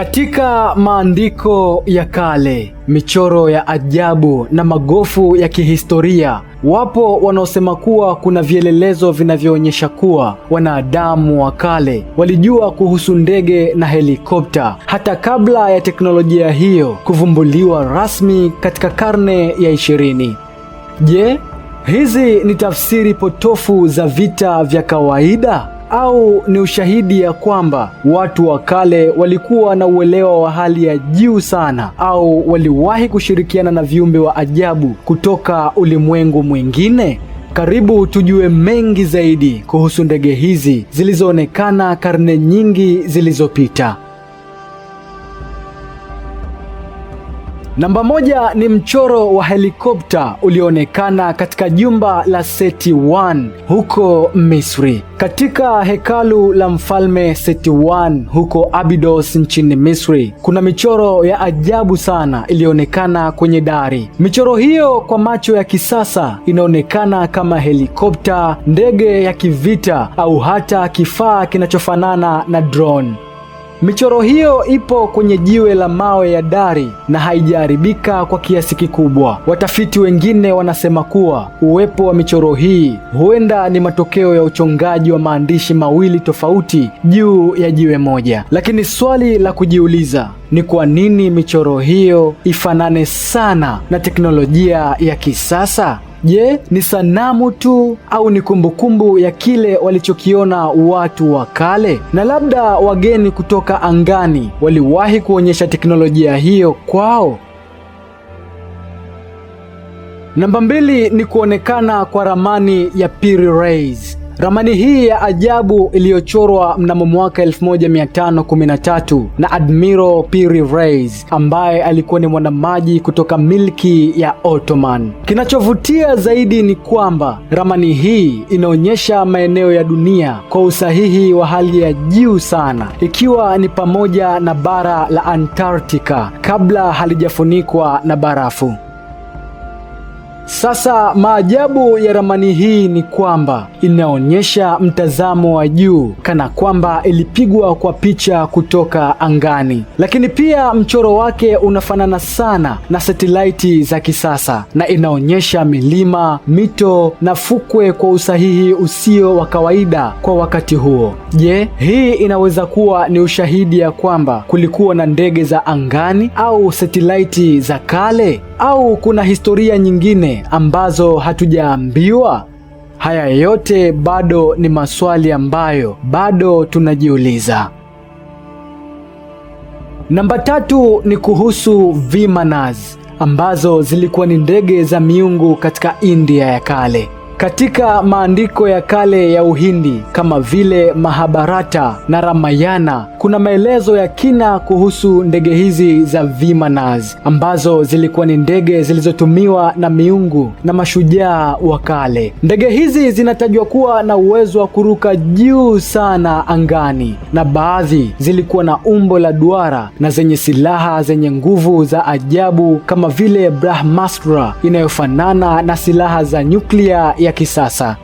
Katika maandiko ya kale, michoro ya ajabu na magofu ya kihistoria, wapo wanaosema kuwa kuna vielelezo vinavyoonyesha kuwa wanadamu wa kale walijua kuhusu ndege na helikopta hata kabla ya teknolojia hiyo kuvumbuliwa rasmi katika karne ya ishirini. Je, hizi ni tafsiri potofu za vita vya kawaida? au ni ushahidi ya kwamba watu wa kale walikuwa na uelewa wa hali ya juu sana, au waliwahi kushirikiana na viumbe wa ajabu kutoka ulimwengu mwingine? Karibu tujue mengi zaidi kuhusu ndege hizi zilizoonekana karne nyingi zilizopita. Namba moja ni mchoro wa helikopta ulioonekana katika jumba la Seti 1 huko Misri. Katika hekalu la mfalme Seti 1 huko Abydos nchini Misri, kuna michoro ya ajabu sana iliyoonekana kwenye dari. Michoro hiyo kwa macho ya kisasa inaonekana kama helikopta, ndege ya kivita au hata kifaa kinachofanana na drone. Michoro hiyo ipo kwenye jiwe la mawe ya dari na haijaharibika kwa kiasi kikubwa. Watafiti wengine wanasema kuwa uwepo wa michoro hii huenda ni matokeo ya uchongaji wa maandishi mawili tofauti juu ya jiwe moja. Lakini swali la kujiuliza ni kwa nini michoro hiyo ifanane sana na teknolojia ya kisasa? Je, ni sanamu tu au ni kumbukumbu ya kile walichokiona watu wa kale? Na labda wageni kutoka angani waliwahi kuonyesha teknolojia hiyo kwao? Namba mbili ni kuonekana kwa ramani ya Piri Reis. Ramani hii ya ajabu iliyochorwa mnamo mwaka 1513 na Admiral Piri Reis ambaye alikuwa ni mwanamaji kutoka milki ya Ottoman. Kinachovutia zaidi ni kwamba ramani hii inaonyesha maeneo ya dunia kwa usahihi wa hali ya juu sana, ikiwa ni pamoja na bara la Antarctica kabla halijafunikwa na barafu. Sasa maajabu ya ramani hii ni kwamba inaonyesha mtazamo wa juu kana kwamba ilipigwa kwa picha kutoka angani, lakini pia mchoro wake unafanana sana na satelaiti za kisasa na inaonyesha milima, mito na fukwe kwa usahihi usio wa kawaida kwa wakati huo. Je, hii inaweza kuwa ni ushahidi ya kwamba kulikuwa na ndege za angani au satelaiti za kale? au kuna historia nyingine ambazo hatujaambiwa? Haya yote bado ni maswali ambayo bado tunajiuliza. Namba tatu ni kuhusu Vimanas ambazo zilikuwa ni ndege za miungu katika India ya kale. Katika maandiko ya kale ya Uhindi kama vile Mahabharata na Ramayana kuna maelezo ya kina kuhusu ndege hizi za Vimanas ambazo zilikuwa ni ndege zilizotumiwa na miungu na mashujaa wa kale. Ndege hizi zinatajwa kuwa na uwezo wa kuruka juu sana angani na baadhi zilikuwa na umbo la duara na zenye silaha zenye nguvu za ajabu kama vile Brahmastra inayofanana na silaha za nyuklia ya ya kisasa.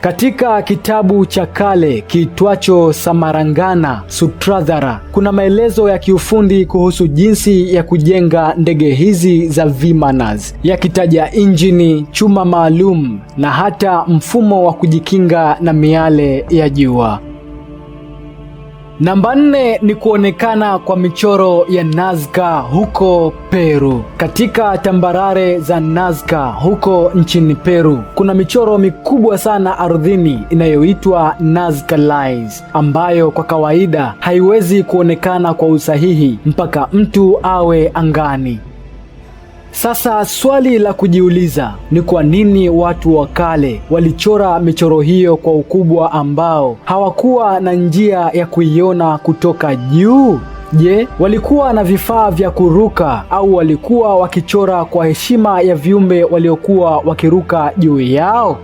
Katika kitabu cha kale kiitwacho Samarangana Sutradhara kuna maelezo ya kiufundi kuhusu jinsi ya kujenga ndege hizi za Vimanas, yakitaja injini, chuma maalum na hata mfumo wa kujikinga na miale ya jua. Namba nne ni kuonekana kwa michoro ya Nazca huko Peru. Katika tambarare za Nazca huko nchini Peru, kuna michoro mikubwa sana ardhini inayoitwa Nazca Lines ambayo kwa kawaida haiwezi kuonekana kwa usahihi mpaka mtu awe angani. Sasa swali la kujiuliza ni kwa nini watu wa kale walichora michoro hiyo kwa ukubwa ambao hawakuwa na njia ya kuiona kutoka juu? Je, walikuwa na vifaa vya kuruka au walikuwa wakichora kwa heshima ya viumbe waliokuwa wakiruka juu yao?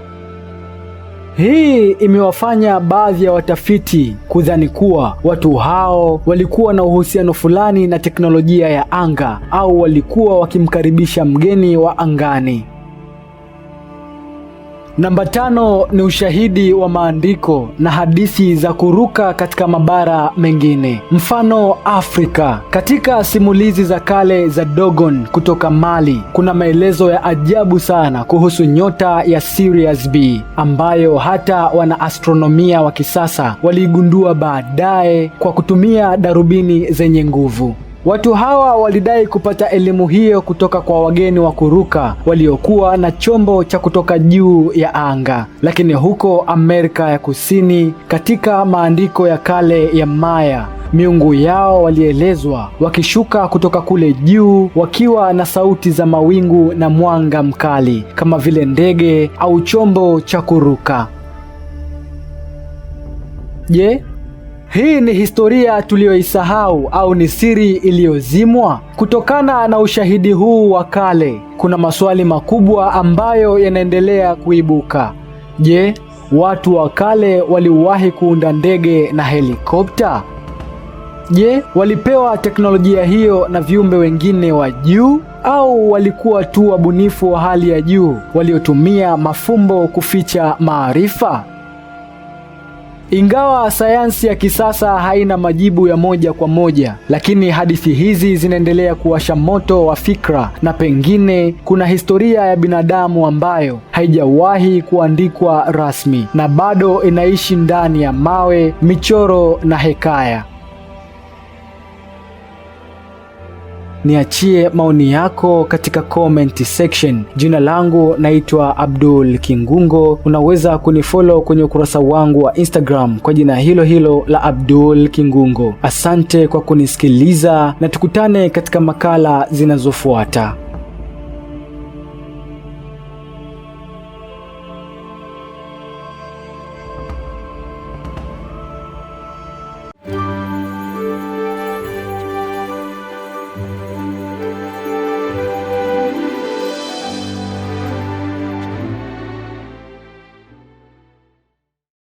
Hii imewafanya baadhi ya watafiti kudhani kuwa watu hao walikuwa na uhusiano fulani na teknolojia ya anga au walikuwa wakimkaribisha mgeni wa angani. Namba tano ni ushahidi wa maandiko na hadithi za kuruka katika mabara mengine, mfano Afrika. Katika simulizi za kale za Dogon kutoka Mali kuna maelezo ya ajabu sana kuhusu nyota ya Sirius B ambayo hata wanaastronomia wa kisasa waliigundua baadaye kwa kutumia darubini zenye nguvu. Watu hawa walidai kupata elimu hiyo kutoka kwa wageni wa kuruka waliokuwa na chombo cha kutoka juu ya anga, lakini huko Amerika ya Kusini, katika maandiko ya kale ya Maya, miungu yao walielezwa wakishuka kutoka kule juu wakiwa na sauti za mawingu na mwanga mkali kama vile ndege au chombo cha kuruka. Je, hii ni historia tuliyoisahau au ni siri iliyozimwa? Kutokana na ushahidi huu wa kale, kuna maswali makubwa ambayo yanaendelea kuibuka. Je, watu wa kale waliwahi kuunda ndege na helikopta? Je, walipewa teknolojia hiyo na viumbe wengine wa juu au walikuwa tu wabunifu wa hali ya juu waliotumia mafumbo kuficha maarifa? Ingawa sayansi ya kisasa haina majibu ya moja kwa moja, lakini hadithi hizi zinaendelea kuwasha moto wa fikra, na pengine kuna historia ya binadamu ambayo haijawahi kuandikwa rasmi na bado inaishi ndani ya mawe, michoro na hekaya. Niachie maoni yako katika comment section. Jina langu naitwa Abdul Kingungo. Unaweza kunifollow kwenye ukurasa wangu wa Instagram kwa jina hilo hilo la Abdul Kingungo. Asante kwa kunisikiliza na tukutane katika makala zinazofuata.